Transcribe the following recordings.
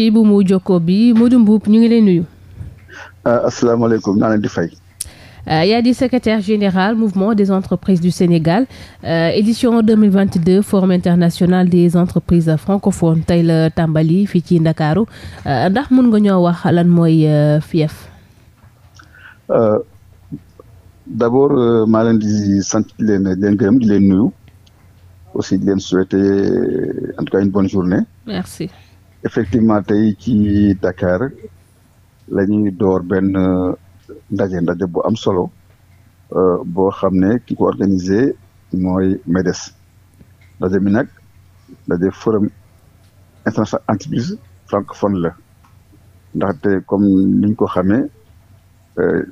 kii bu mu jokkoo bi Modou Mboup ñu ngi lay nuyu. Ah, asalaamaaleykum leen di fay. Euh, yaa di secrétaire général mouvement des entreprises du Sénégal euh, édition 2022 forum international des entreprises francophones tey la tàmbali fii ci Ndakaaru euh, ndax mun nga ñoo wax mooy FIEF. d'abord maa leen di nuyu aussi di leen souhaiter en tout une bonne journée. effectivement tey ci Dakar la ñuy door benn ndaje ndaje bu am solo euh, boo xam ne ki ko organisé mooy MEDES ndaje mi nag ndaje forum international entreprise francophone la ndax comme ni ñu ko xamee euh,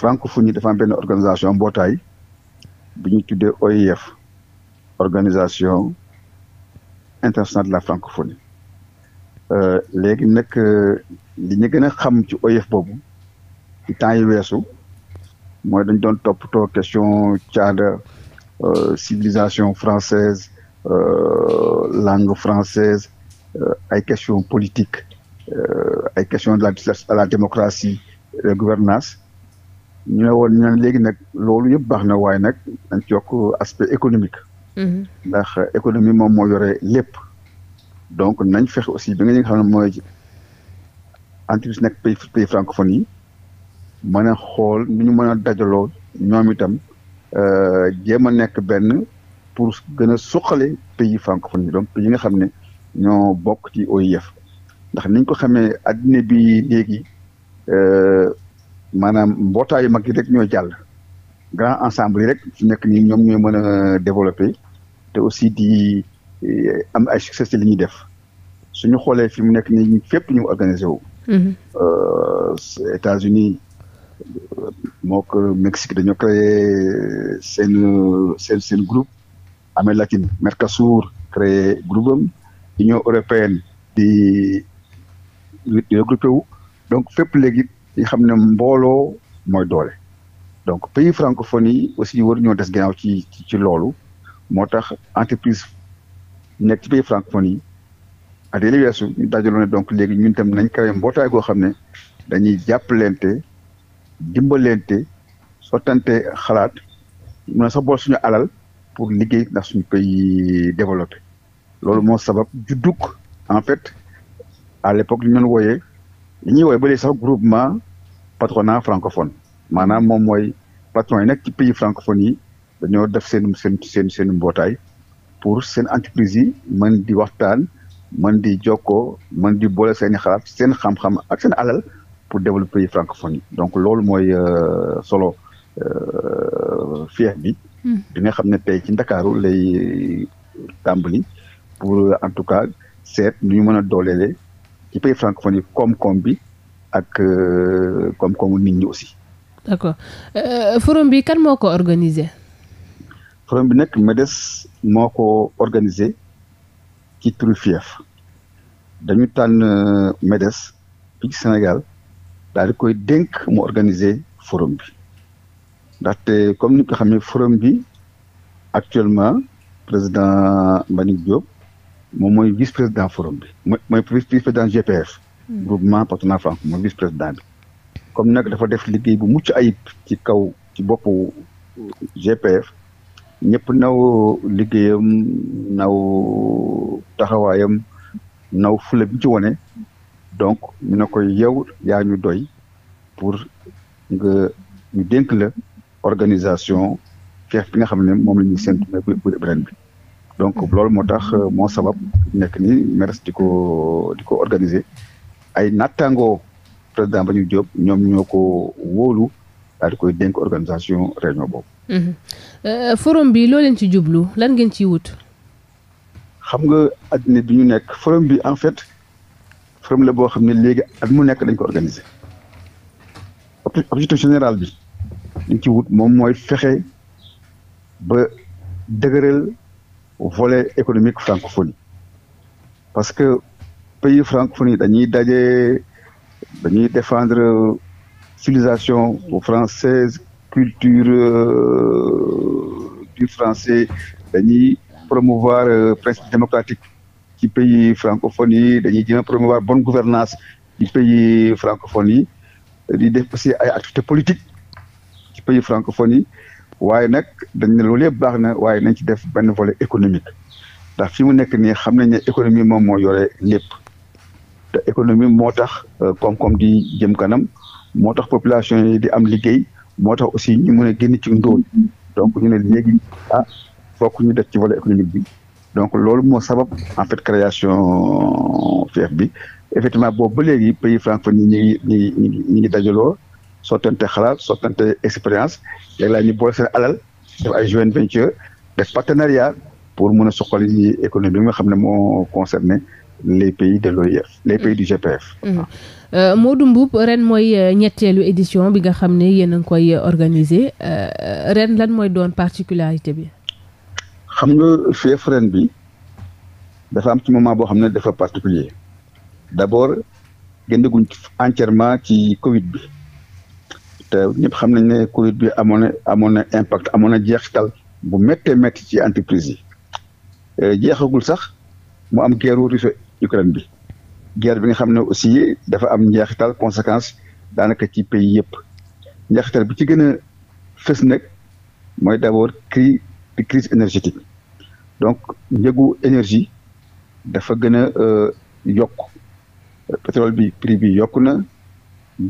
francophonie dafa am benn organisation mbootaay bu ñu tuddee OIF organisation internationale de la francophonie Euh, léegi nag euh, li ñu gën a xam ci OIF boobu ci temps yi weesu mooy dañ doon toppatoo question caada euh, civilisation française langue française ay question politique ay question de la à la démocratie de gouvernance ñu ne woon ñu léegi nag loolu yëpp baax na waaye nag dañ ci yokk aspect économique mm-hmm. ndax économie moom moo yore lépp donc nañ fexe aussi bi nga nga xam ne mooy entreprise nekk pays pays francophone yi mën a xool nu ñu mën a dajaloo ñoom itam euh, jéem a nekk benn pour gën a suqale pays francophone yi donc yi nga xam ne ñoo bokk ci OIF ndax niñ ko xamee addina bi léegi euh, maanaam mbootaayu mag yi rek ñoo jàll grand ensemble yi rek nekk nii ñoom ñooy mën a développer te aussi di Euh, am ay succès ci li ñuy def suñu xoolee fi mu nekk nii fépp ñu organisé wu. Mm-hmm. Euh, États-Unis euh, moo ko Mexique dañoo créé seen seen seen groupe Amérique latine Mercosur créé groupe am Union européenne di di regroupé wu donc fépp léegi ñu xam ne mbooloo mooy doole donc pays francophones yi aussi war ñoo des gannaaw ci ci loolu moo tax entreprise. nekk ci pays francophone yi at yële weesu ñu dajaloo ne donc léegi ñun tam nañ créé mbootaay goo xam ne dañuy jàppalante dimbalante sottante xalaat mun a sax bool suñu alal pour liggéey ndax suñu pays développé loolu moo sabab juddug en fait à l'époque li ñu doon wooyee li ñuy wooyee ba léegi sax groupement patronat francophone maanaam moom mooy patron yi nekk ci pays francophone yi dañoo def seen seen seen seen mbootaay pour seen entreprise yi mën di waxtaan mën di jokkoo mën di boole seen i seen xam-xam ak seen alal pour développer francophonie donc loolu mooy euh, solo euh, fief bi. bi hmm. nga xam ne tey ci Ndakaaru lay tàmbali pour euh, en tout cas seet nu ñu mën a dooleele ci pays francophonie koom-koom bi ak koom-koomu nit ñi aussi. d'accord bi kan moo ko organisé. forum bi nag MEDES moo ko organisé ci turu FIEF dañu tànn euh, MEDES fii Sénégal daal di koy dénk mu organiser forum bi ndaxte comme ni nga xam ne forum bi actuellement président Mbagnick Diop moom mooy vice président forum bi mooy mooy vice président GPF. Hmm. groupement partenariat franco mooy vice président bi. comme nag dafa def liggéey bu mucc ayib ci kaw ci boppu GPF ñëpp naw liggéeyam naw taxawaayam naw fula bi ci wone donc ñu ne yow yaa ñu doy pour nga ñu dénk la organisation xeex bi nga xam ne moom la ñuy séntu mais bu bi donc loolu moo tax euh, moo sabab nekk ni MERS di ko di ko organiser ay nattaangoo président ba ñu Diop ñoom ñoo ko wóolu daal koy dénk organisation réunion boobu Euh, forom bi loo leen ci jublu lan ngeen ciy wut. xam nga àddina bi ñu nekk forom bi en fait forum la boo xam ne léegi at mu nekk dañ ko organiser objectif général bi liñ ci wut moom mooy fexe ba dëgëral volet économique francophonie parce que pays francophonie dañuy daje dañuy défendre civilisation française culture euh, du français dañuy promouvoir euh, principe démocratique ci pays francophone yi dañuy jéem a promouvoir bonne gouvernance ci pays francophone di def aussi ay activité politique ci pays francophone yi waaye nag dañ ne loolu yëpp baax na waaye nañ ci def benn volet économique ndax fi mu nekk nii xam nañ ne économie moom moo yoore lépp te économie moo tax euh, koom-koom di jëm kanam moo tax population yi di am liggéey moo tax aussi ñu mën a génn ci ndóol donc ñu ne léegi ah fokk ñu def ci volet économique bi donc loolu moo sabab en fait création fief bi effectivement boobu ba léegi pays francophone yi ñu ngi ñu ngi ñu ngi dajaloo sottante xalaat sottante expérience léegi laa ñi boole seen alal def ay joint venture def partenariat pour mun a suqali économie bi nga xam ne moo concerné les pays de l'OIF e les mm. pays du GPF. Mm. Euh, Modou Mboup ren mooy euh, ñetteelu édition bi nga xam ne yéen a koy euh, organiser ren lan mooy doon particularité bi. xam nga fief ren bi dafa am ci moment boo xam ne dafa particulier d'abord génnaguñ entièrement ci Covid bi te ñëpp xam nañ ne Covid bi amoon na amoon na impact amoon na jeexital bu méttee métti ci entreprise yi jeexagul sax mu am guerre Ukraine bi guerre bi nga xam ne aussi dafa am njeexital conséquence daanaka ci pays yëpp njeexital bi ci gën a fës nag mooy d'abord cri de crise énergétique donc njëgu énergie dafa gën a euh, yokk pétrole bi prix bi yokk na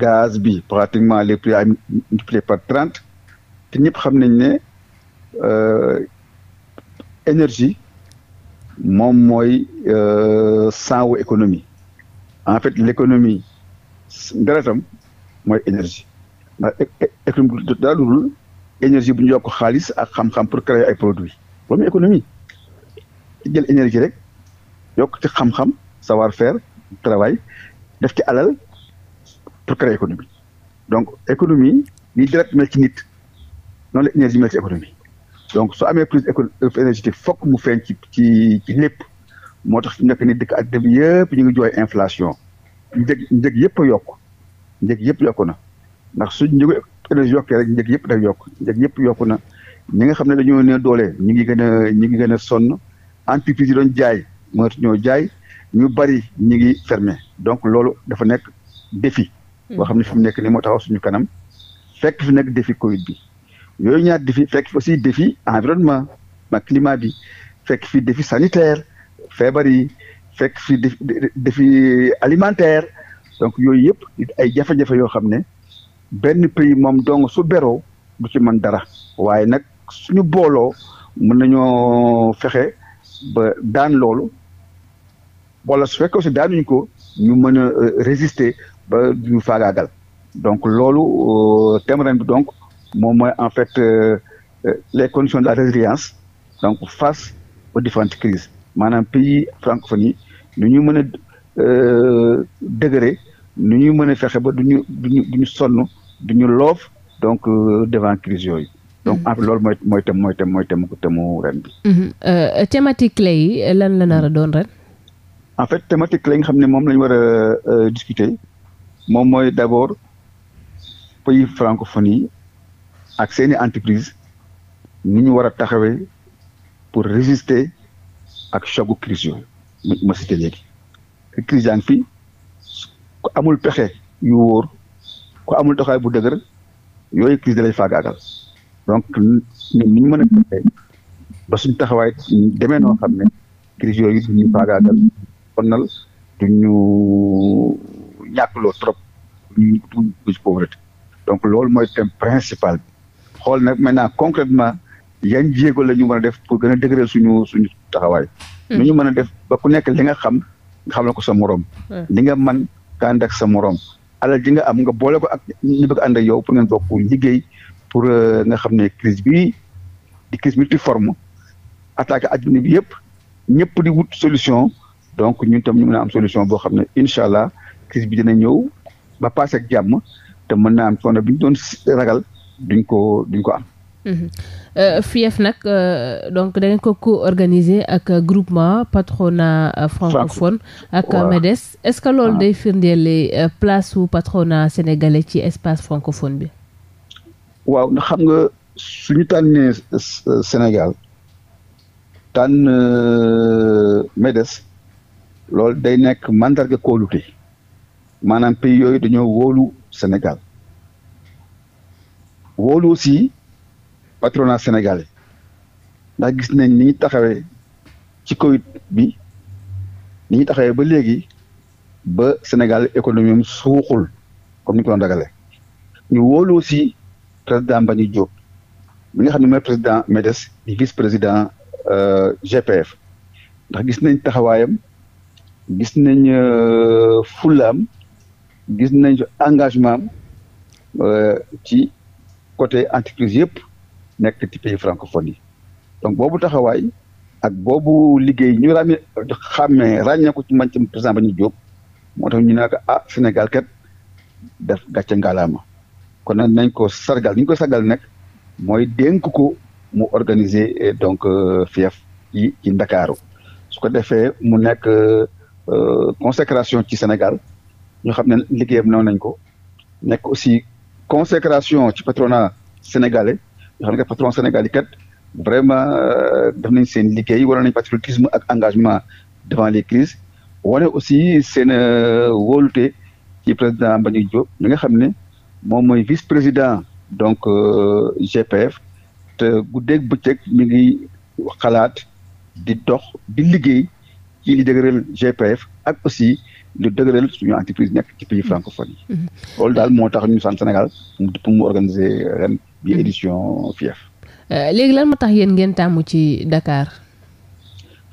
gaz bi pratiquement les prix am multiplié par trente te ñëpp xam nañ ne euh, énergie moom mooy euh, sangu économie en fait l'économie deretam mooy énergie ndax économie dul énergie bu ñu yokk xaalis ak xam-xam pour créer ay produits loolu mooy économie jël énergie rek yokk ci xam-xam savoir-faire travail def ci alal pour créer économie donc économie li direct mel ci nit noonu la énergie mel économie donc su amee crise économique énergétique fokk mu feeñ ci ci ci lépp moo tax fi nekk ni dëkk ak dëkk yëpp ñu ngi jooy inflation njëg njëg yëpp yokk njëg yëpp yokku na ndax su njëgu énergie yokkee rek njëg yëpp day yokk njëg yëpp yokku na ñi nga xam ne dañoo ne doole ñu ngi gën a ñu ngi gën a sonn entreprise yi doon jaay mënatu ñoo jaay ñu bari ñu ngi fermé donc loolu dafa nekk défi hmm. boo xam ne fu mu nekk nii moo taxaw suñu kanam fekk fi nekk défi Covid bi yooyu ñaar défi fekk fi aussi défi environnement ma climat bi fekk fi defi sanitaire feebar yi fekk fi defi défi alimentaire donc yooyu yëpp ay jafe-jafe yoo xam ne benn pays moom dong su beroo du ci mën dara waaye nag suñu booloo mën nañoo fexe ba daan loolu wala su fekkee aussi daanuñu ko ñu mën a euh, résister ba duñu faagaagal donc loolu euh, thème ren bi donc moom mooy en fait euh, euh, les conditions de la résilience donc face aux différentes crises maanaam pays francophones yi nu ñu mën a euh, dëgëre nu ñuy mën a fexe ba du ñu duñu ñu sonn du ñu loof donc devant crise yooyu donc mm-hmm. en fait loolu mooy mooy tam mooy tam mooy tam temu ren bi mm-hmm. thématique clé yi lan la nar a doon ren en fait thématique la nga xam ne moom la ñu war discuter moom mooy d'abord pays francophones ak seeni entreprise ni ñu war a taxawee pour résister ak chocu crise yooyu ma cité léegi crise yaa fi ku amul pexe yu wóor ko amul taxawaay bu dëgër yooyu crise da lay faagaagal donc ñun ni ñu mën a pexe ba suñ taxawaay demee noo xam ne crise yooyu duñu faagaagal konnal duñu ñàkkloo trop duñu duñ pauvreté donc loolu mooy thème principal xool nag maintenant concrètement yan jéego la ñu mën a def pour gën a dëgëral suñu suñu taxawaay. Hmm. nu ñu mën a def ba ku nekk li nga xam nga xam la ko sa moroom hmm. li nga man nga ànd sa morom. alal ji nga am nga boole ko ak ñu bëgg ànd yow pour ngeen bokk liggéey pour euh, nga xam ne crise bi di crise multiforme attaqué adduna bi yëpp ñëpp di wut solution donc ñun tam ñu mën a am solution boo xam ne incha allah crise bi dina ñëw ba passé ak jàmm te mën naa am coono bi ñu doon ragal duñ ko duñ ko am. FIEF mhm. euh, nag euh, donc da ngeen ko co-organiser ak groupement patronat francophone ak MEDES est-ce que lool ah. day firndeel euh, place su patronat sénégalais ci espace francophone bi. waaw xam nga suñu tànnee Sénégal tànn MEDES loolu day nekk mandarga kóolute maanaam pays yooyu dañoo wóolu Sénégal. wóolu aussi patronat sénégalais ndax gis nañ ni ñu taxawee ci Covid bi ni ñu taxawee ba léegi ba Sénégal économie am suuxul comme ni ko doon ragalee ñu wóolu aussi président Mbagnick Diop mi nga xam ne mooy président MEDES di vice président euh, GPF ndax gis nañ taxawaayam gis nañ euh, fullaam gis nañ engagement am euh, ci côté entreprise yëpp nekk ci pays francophone yi donc bu taxawaay ak boobu liggéey ñu ràññee xàmmee ràññee ko ci man ci président ba ñu jóg moo tax ñu ne ah Sénégal kat def gàcce ngalaama kon nag nañ ko sargal ni ko sargal nag mooy dénk ko mu organiser eh, donc euh, fief ci Ndakaaru su ko defee mu nekk euh, consécration ci Sénégal ñu xam ne liggéeyam naw nañ ko nekk aussi consécration ci patronat sénégalais yoo xam ne patron sénégalais kat vraiment euh, def nañ seen liggéey wane nañ patriotisme ak engagement devant les crises wane aussi seen euh, wolute ci président Mbagnick Diop mi nga xam ne moom mooy vice président donc euh, GPF te guddeeg bëccëg mi ngi xalaat di dox di liggéey ci li dëgëral GPF ak aussi lu dëgëral suñu entreprise nekk ci pays mm-hmm. francophone yi. Mm-hmm. loolu daal moo tax ñu sant Sénégal pour mu organiser ren bi mm-hmm. édition FIEF. Euh, léegi lan moo tax yéen ngeen tàmmu ci Dakar.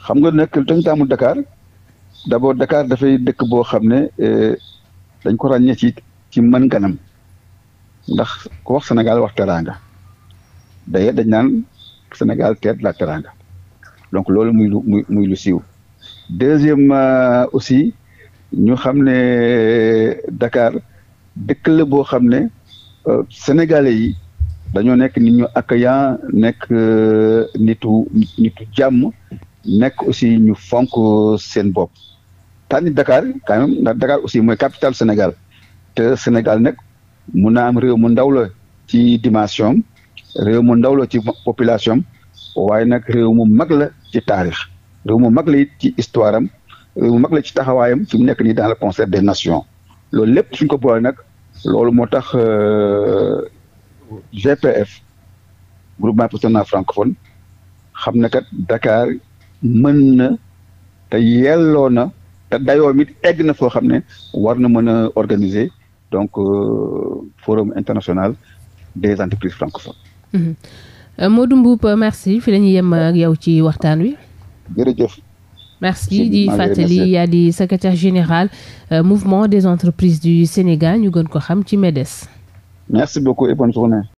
xam nga nekk dañ tàmmu Dakar d'abord Dakar dafay dëkk boo xam ne euh, dañ ko ràññee ci ci mën ganam ndax ko wax Sénégal wax teraanga d'ailleurs dañ naan Sénégal terre la teraanga donc loolu muy muy muy lu siiw. deuxièmement euh, aussi ñu xam ne euh, Dakar dëkk la boo xam ne euh, sénégalais yi dañoo nekk nit ñu accueillant nekk nitu nitu jàmm nekk aussi ñu fonk seen bopp tànn Dakar quand même Dakar aussi mooy capitale Sénégal te Sénégal nag mun naa am réew mu ndaw la ci dimension réew mu ndaw ci population waaye nag réew mu mag la ci taarix réew mu mag la it ci histoire am réew mu mag la ci taxawaayam fi mu nekk nii dans le concert des nations loolu lépp suñ ko boole nag loolu moo tax euh, GPF groupement pour Sénégal francophone xam na kat dakaar mën na te yelloo na te dayoo mit egg na foo xam ne war na mën a organiser donc euh, forum international des entreprises francophones. Mm-hmm. Euh, Modou Mboup merci fi la yem ak yow ci waxtaan wi. jërëjëf. merci di fàttali yaa di secretaire général euh, mouvement des entreprises du Sénégal ñu gën ko xam ci MEDES. merci beaucoup